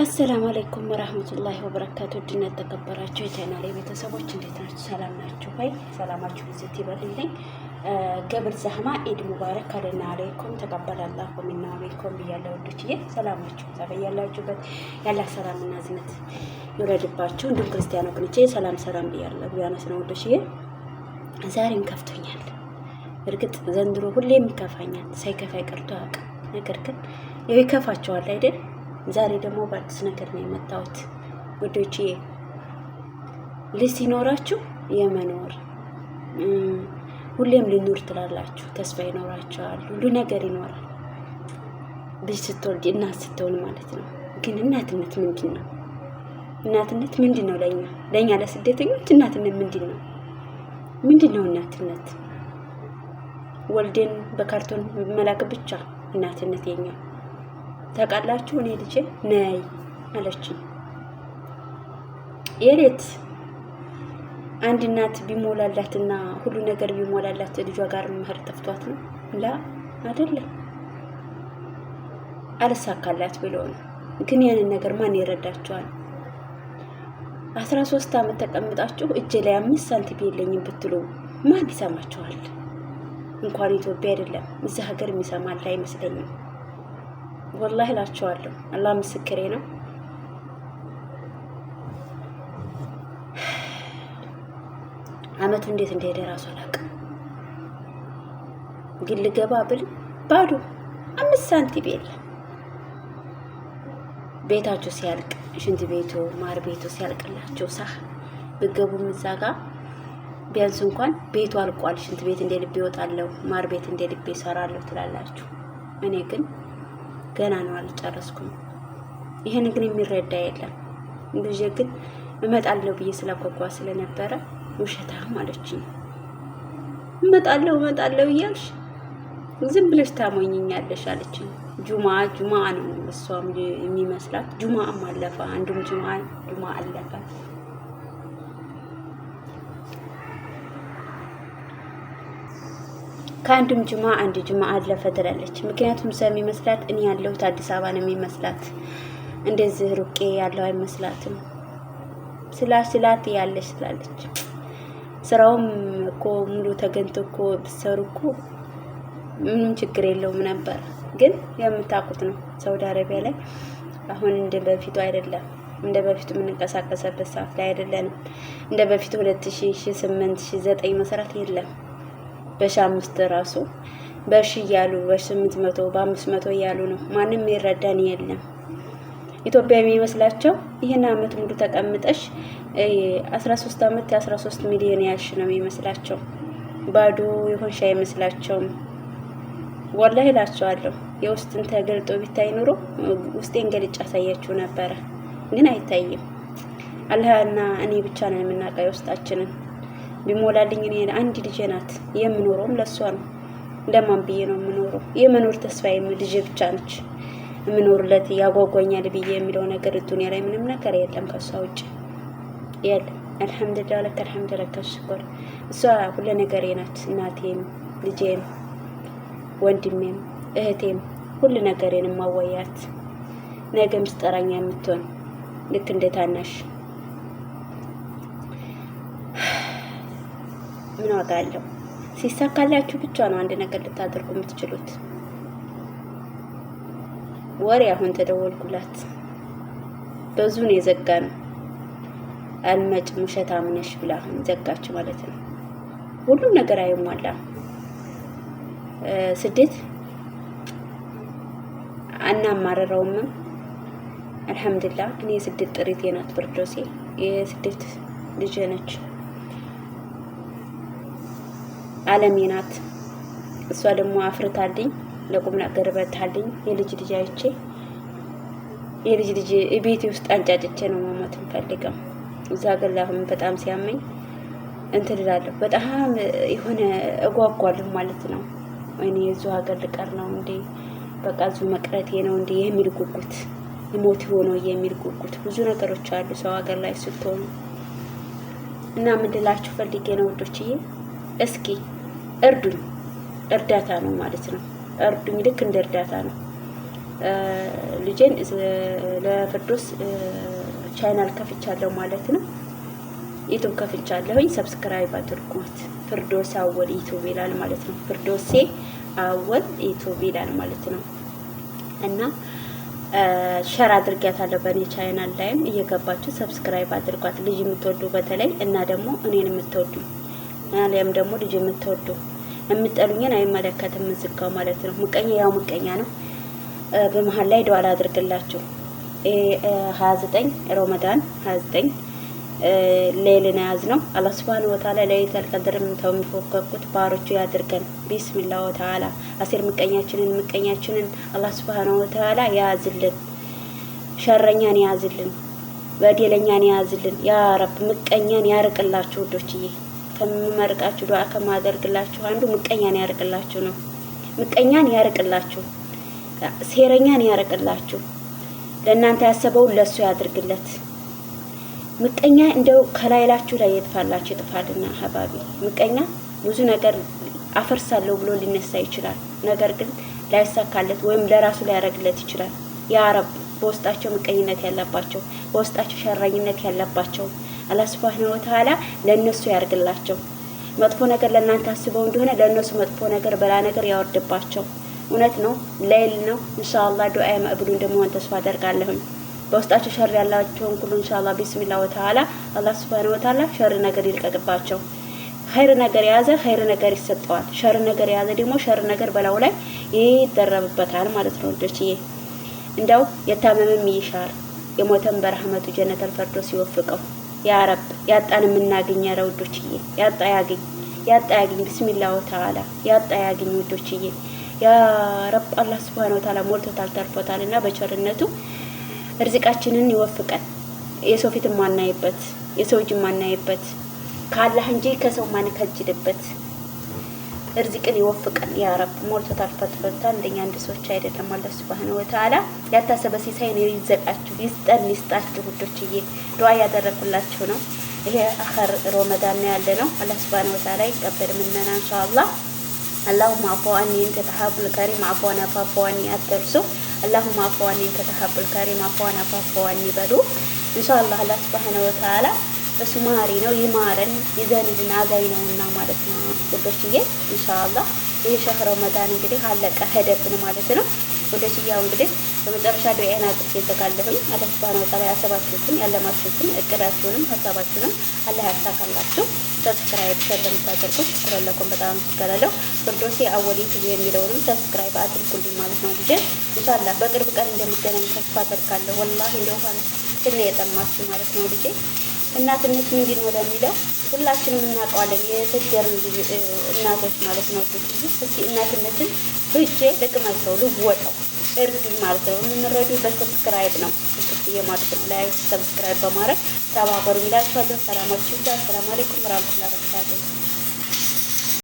አሰላሙ አለይኩም ወራህመቱላሂ ወበረካቱ። ውድና ተከበራችሁ የቻናሌ ቤተሰቦች እንዴት ናችሁ? ሰላም ናችሁ ወይ? ሰላማችሁ ብዜት ይበልልኝ። ገብር ዛህማ ኢድ ሙባረክ አለና አለይኩም ተቀበላላሁ ሚና አለይኩም ብያለሁ። ውዶችዬ ሰላማችሁ ዛ በያላችሁበት ያለ ሰላምና ዝነት ይውረድባችሁ። እንዲሁም ክርስቲያኖ ክንቼ ሰላም ሰላም ብያለሁ። ቢያነስ ነው ውዶችዬ፣ ዛሬም ከፍቶኛል። እርግጥ ዘንድሮ ሁሌም ይከፋኛል፣ ሳይከፋ ይቀርቶ አያውቅም። ነገር ግን ይከፋቸዋል አይደል ዛሬ ደግሞ በአዲስ ነገር ነው የመጣሁት ውዶቼ። ልጅ ሲኖራችሁ የመኖር ሁሌም ልኑር ትላላችሁ፣ ተስፋ ይኖራችኋል፣ ሁሉ ነገር ይኖራል። ልጅ ስትወልድ እናት ስትሆን ማለት ነው። ግን እናትነት ምንድን ነው? እናትነት ምንድን ነው? ለኛ ለእኛ ለስደተኞች እናትነት ምንድን ነው? ምንድን ነው እናትነት? ወልደን በካርቶን መላክ ብቻ እናትነት የኛው ታውቃላችሁ እኔ ልጄ ነይ አለችኝ። የሌት አንድ እናት ቢሞላላትና ሁሉ ነገር ቢሞላላት ልጇ ጋር መሄድ ተፍቷት ነው? ላ አይደለም፣ አልሳካላት ብለው ነው። ግን ያንን ነገር ማን ይረዳቸዋል? አስራ ሶስት አመት ተቀምጣችሁ እጄ ላይ አምስት ሳንቲም የለኝም ብትሉ ማን ይሰማችኋል? እንኳን ኢትዮጵያ አይደለም እዚህ ሀገር የሚሰማል አይመስለኝም። ወላሂ እላቸዋለሁ። አላህ ምስክሬ ነው። አመቱ እንዴት እንደሄደ ራሱ አላውቅም። ግን ልገባ ብል ባዶ አምስት ሳንቲም የለም። ቤታቸው ሲያልቅ ሽንት ቤቱ ማር ቤቱ ሲያልቅላቸው ሳህ ብገቡም እዛ ጋር ቢያንስ እንኳን ቤቱ አልቋል። ሽንት ቤት እንደ ልቤ ይወጣለሁ፣ ማር ቤት እንደ ልቤ ይሰራለሁ ትላላችሁ። እኔ ግን ገና ነው አልጨረስኩም። ይሄን ግን የሚረዳ የለም። ልጄ ግን እመጣለሁ ብዬ ስለጓጓ ስለነበረ ውሸታም አለችኝ። እመጣለሁ እመጣለሁ እያልሽ ዝም ብለሽ ታሞኝኛለሽ አለችኝ። ጁማ ጁማ ነው እሷም የሚመስላት ጁማም አለፈ፣ አንዱም ጁማ ጁማ አለፈ። ከአንድም ጅማ አንድ ጅማ አለፈ ትላለች። ምክንያቱም ሰሚ መስላት እኔ ያለሁት አዲስ አበባ ነው የሚመስላት እንደዚህ ሩቄ ያለው አይመስላትም። ስላ ስላት ያለች ትላለች። ስራውም እኮ ሙሉ ተገንቶ እኮ ብትሰሩ እኮ ምንም ችግር የለውም ነበር። ግን የምታውቁት ነው ሳውዲ አረቢያ ላይ አሁን እንደ በፊቱ አይደለም። እንደ በፊቱ የምንንቀሳቀሰበት ሰዓት ላይ አይደለንም። እንደ በፊቱ ሁለት ሺ ስምንት ሺ ዘጠኝ መስራት የለም። በሺ አምስት ራሱ በሺ እያሉ በስምንት መቶ በአምስት መቶ እያሉ ነው። ማንም ይረዳን የለም። ኢትዮጵያ የሚመስላቸው ይህን አመት ሙሉ ተቀምጠሽ 13 አመት 13 ሚሊዮን ያልሽ ነው የሚመስላቸው። ባዶ የሆንሽ አይመስላቸውም። ወላሂ እላቸዋለሁ የውስጥን ተገልጦ ቢታይ ኑሮ ውስጤን ገልጭ አሳያችሁ ነበረ፣ ግን አይታይም። አላህና እኔ ብቻ ነን የምናውቀው የውስጣችንን። ቢሞላልኝ እኔ አንድ ልጄ ናት የምኖረውም ለእሷ ነው። እንደማን ብዬ ነው የምኖረው? የመኖር ተስፋዬም ልጄ ብቻ ነች የምኖርለት ያጓጓኛል ብዬ የሚለው ነገር ዱኒያ ላይ ምንም ነገር የለም ከእሷ ውጭ የለም። አልሐምዱሊላህ ለከ አልሐምዱሊላህ ከሽኮር እሷ ሁለ ነገሬ ናት። እናቴም፣ ልጄም፣ ወንድሜም፣ እህቴም ሁሉ ነገሬን ማዋያት ነገም ስጠራኛ የምትሆን ልክ እንደ ታናሽ ምን ዋጋ አለው? ሲሳካላችሁ ብቻ ነው አንድ ነገር ልታደርጉ የምትችሉት። ወሬ አሁን ተደወልኩላት። በዙ ነው የዘጋ ነው አልመጭም ውሸት ብላ ዘጋች ማለት ነው። ሁሉም ነገር አይሟላ ስደት አናማረረውም። አልሐምዱሊላህ እኔ የስደት ጥሪቴ ናት። ብርዶሴ የስደት ልጅ ነች። አለሜ ናት። እሷ ደግሞ አፍርታልኝ ለቁም ነገር በታልኝ የልጅ ልጅ አይቼ የልጅ ልጅ ቤቴ ውስጥ አንጫጭቼ ነው መሞት እንፈልገው። እዛ ግን ላሁን በጣም ሲያመኝ እንትን እላለሁ። በጣም የሆነ እጓጓለሁ ማለት ነው። እኔ እዚሁ ሀገር ልቀር ነው እንዴ? በቃ እዚሁ መቅረቴ ነው እንዴ የሚል ጉጉት፣ ሞት የሆነው የሚል ጉጉት፣ ብዙ ነገሮች አሉ ሰው ሀገር ላይ ስትሆኑ እና ምንድላችሁ ፈልጌ ነው ውዶችዬ እስኪ እርዱኝ፣ እርዳታ ነው ማለት ነው። እርዱኝ ልክ እንደ እርዳታ ነው። ልጄን ለፍርዶስ ቻይናል ከፍቻለሁ ማለት ነው። ዩቱብ ከፍቻለሁኝ። ሰብስክራይብ አድርጉት። ፍርዶስ አወል ዩቱብ ይላል ማለት ነው። ፍርዶሴ አወል ዩቱብ ይላል ማለት ነው። እና ሸር አድርጊያታለሁ በእኔ ቻይናል ላይም እየገባችሁ ሰብስክራይብ አድርጓት። ልጅ የምትወዱ በተለይ እና ደግሞ እኔን የምትወዱ አሊያም ደግሞ ልጅ የምትወዱ የምጠሉኝን አይመለከትም። ምዝጋው ማለት ነው። ምቀኛ ያው ምቀኛ ነው። በመሀል ላይ ደዋላ አድርግላችሁ ሀያ ዘጠኝ ረመዳን ሀያ ዘጠኝ ሌልን ያዝ ነው። አላህ ሱብሃነሁ ወተዓላ ለይለቱል ቀድርን ተው የሚፎከኩት ባሮቹ ያድርገን። ቢስሚላ ወተዓላ አሲር ምቀኛችንን ምቀኛችንን አላህ ሱብሃነሁ ወተዓላ ያዝልን፣ ሸረኛን ያዝልን፣ በደለኛን ያዝልን። ያ ረብ ምቀኛን ያርቅላችሁ ውዶችዬ። ከምመርቃችሁ ዱዓ ከማደርግላችሁ አንዱ ምቀኛን ያርቅላችሁ ነው። ምቀኛን ያርቅላችሁ፣ ሴረኛን ያርቅላችሁ። ለእናንተ ያሰበውን ለእሱ ያድርግለት። ምቀኛ እንደው ከላይላችሁ ላይ የጥፋላችሁ ይጥፋልና፣ ሀባቢ ምቀኛ ብዙ ነገር አፈርሳለሁ ብሎ ሊነሳ ይችላል። ነገር ግን ላይሳካለት ወይም ለራሱ ሊያደርግለት ይችላል። ያ በውስጣቸው ምቀኝነት ያለባቸው፣ በውስጣቸው ሸረኝነት ያለባቸው አላህ ሱብሃነሁ ወተዓላ ለእነሱ ያርግላቸው። መጥፎ ነገር ለእናንተ አስበው እንደሆነ ለእነሱ መጥፎ ነገር በላ ነገር ያወርድባቸው። እውነት ነው፣ ሌል ነው። ኢንሻአላህ ዱዓ መቅቡል እንደመሆን ተስፋ አደርጋለሁኝ። በውስጣቸው ሸር ያላቸውን ሁሉ ኢንሻአላህ ቢስሚላህ ወተዓላ አላህ ሱብሃነሁ ወተዓላ ሸር ነገር ይልቀቅባቸው። ኸይር ነገር የያዘ ኸይር ነገር ይሰጠዋል። ሸር ነገር የያዘ ደግሞ ሸር ነገር በላው ላይ ይደረብበታል ማለት ነው። ወንዶችዬ እንደው የታመመም ይሻር የሞተን በረህመቱ ጀነት አልፈርዶስ ይወፍቀው። ያረብ ያጣን የምናገኝ ኧረ ውዶችዬ ያጣ ያገኝ ያጣ ያገኝ ብስሚላ ተዓላ ያጣ ያገኝ ውዶችዬ ያረብ አላህ ሱብሃነሁ ወተዓላ ሞልቶታል ተርፎታል እና በቸርነቱ እርዝቃችንን ይወፍቀን የሰው ፊት ማናይበት የሰው እጅ ማናይበት ካላህ እንጂ ከሰው ማንከጅልበት እርዚቅን ይወፍቀን ያ ረብ ሞልቶት አልፈትፈታ እንደኛ አንድ ሰዎች አይደለም። አላህ ሱብሃነሁ ወተዓላ ያታሰበ ሲሳይን ይዘቃችሁ ይስጠን ይስጣችሁ። ውዶችዬ ዱዓ ያደረኩላችሁ ነው። ይሄ አኸር ሮመዳን ነው ያለ ነው። አላህ ሱብሃነሁ ወተዓላ ይቀበል ምነና ኢንሻአላህ። አላሁማ አፈዋኒ እንተ ተሐቡል ከሪም አፈዋን አፋፈዋኒ አትርሱ። አላሁማ አፈዋኒ እንተ ተሐቡል ከሪም አፈዋን አፋፈዋኒ በሉ ኢንሻአላህ አላህ ሱብሃነሁ ወተዓላ እሱ ማሪ ነው ይማረን ይዘንልን አዛኝ ነውና ማለት ነው ወደሽዬ ኢንሻአላህ ይሄ ሸህ ረመዳን እንግዲህ አለቀ ሄደብን ማለት ነው ወደሽዬ ያው እንግዲህ በመጨረሻ ዱዓዬን አጥፍ ይዘጋለሁኝ አላህ ሱብሃነሁ ወተዓላ ያሰባችሁትን ያለማችሁትን እቅዳችሁንም ሀሳባችሁንም አላህ ያሳካላችሁ ሰብስክራይብ ሸር ለምታደርጉ ስለለኩም በጣም አመሰግናለሁ ፍርዶሴ አወሊ ቲቪ የሚለውንም ሰብስክራይብ አድርጉልኝ ማለት ነው ልጅ ኢንሻአላህ በቅርብ ቀን እንደምገናኝ ተስፋ አደርጋለሁ ወላሂ እንደው እንደ የጠማችሁ ማለት ነው ልጅ እናትነት ምንድን ነው ለሚለው ሁላችንም እናውቀዋለን። የተቸገርን እናቶች ማለት ነው። እስኪ እናትነትን ሂጄ ልቅመሰው ልወጣው እርዱኝ ማለት ነው። የምንረዱ በሰብስክራይብ ነው ስክዬ ማለት ነው። ላይ ሰብስክራይብ በማድረግ ተባበሩ ሚላችኋለሁ። ሰላማችሁ ጋር ሰላም አለይኩም ራምስላ በስታገኝ